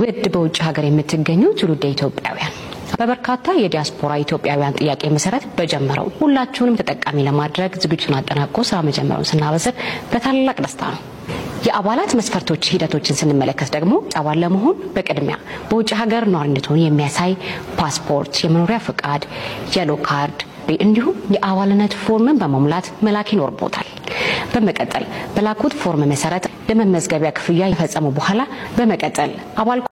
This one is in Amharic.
ውድ በውጭ ሀገር የምትገኙ ትውልደ ኢትዮጵያውያን በበርካታ የዲያስፖራ ኢትዮጵያውያን ጥያቄ መሰረት በጀመረው ሁላችሁንም ተጠቃሚ ለማድረግ ዝግጅቱን አጠናቆ ስራ መጀመሩን ስናበስር በታላቅ ደስታ ነው። የአባላት መስፈርቶች ሂደቶችን ስንመለከት ደግሞ አባል ለመሆን በቅድሚያ በውጭ ሀገር ኗርነቱን የሚያሳይ ፓስፖርት፣ የመኖሪያ ፍቃድ፣ የሎ ካርድ እንዲሁም የአባልነት ፎርምን በመሙላት መላክ ይኖርቦታል። በመቀጠል በላኩት ፎርም መሰረት ለመመዝገቢያ ክፍያ የፈጸሙ በኋላ በመቀጠል አባል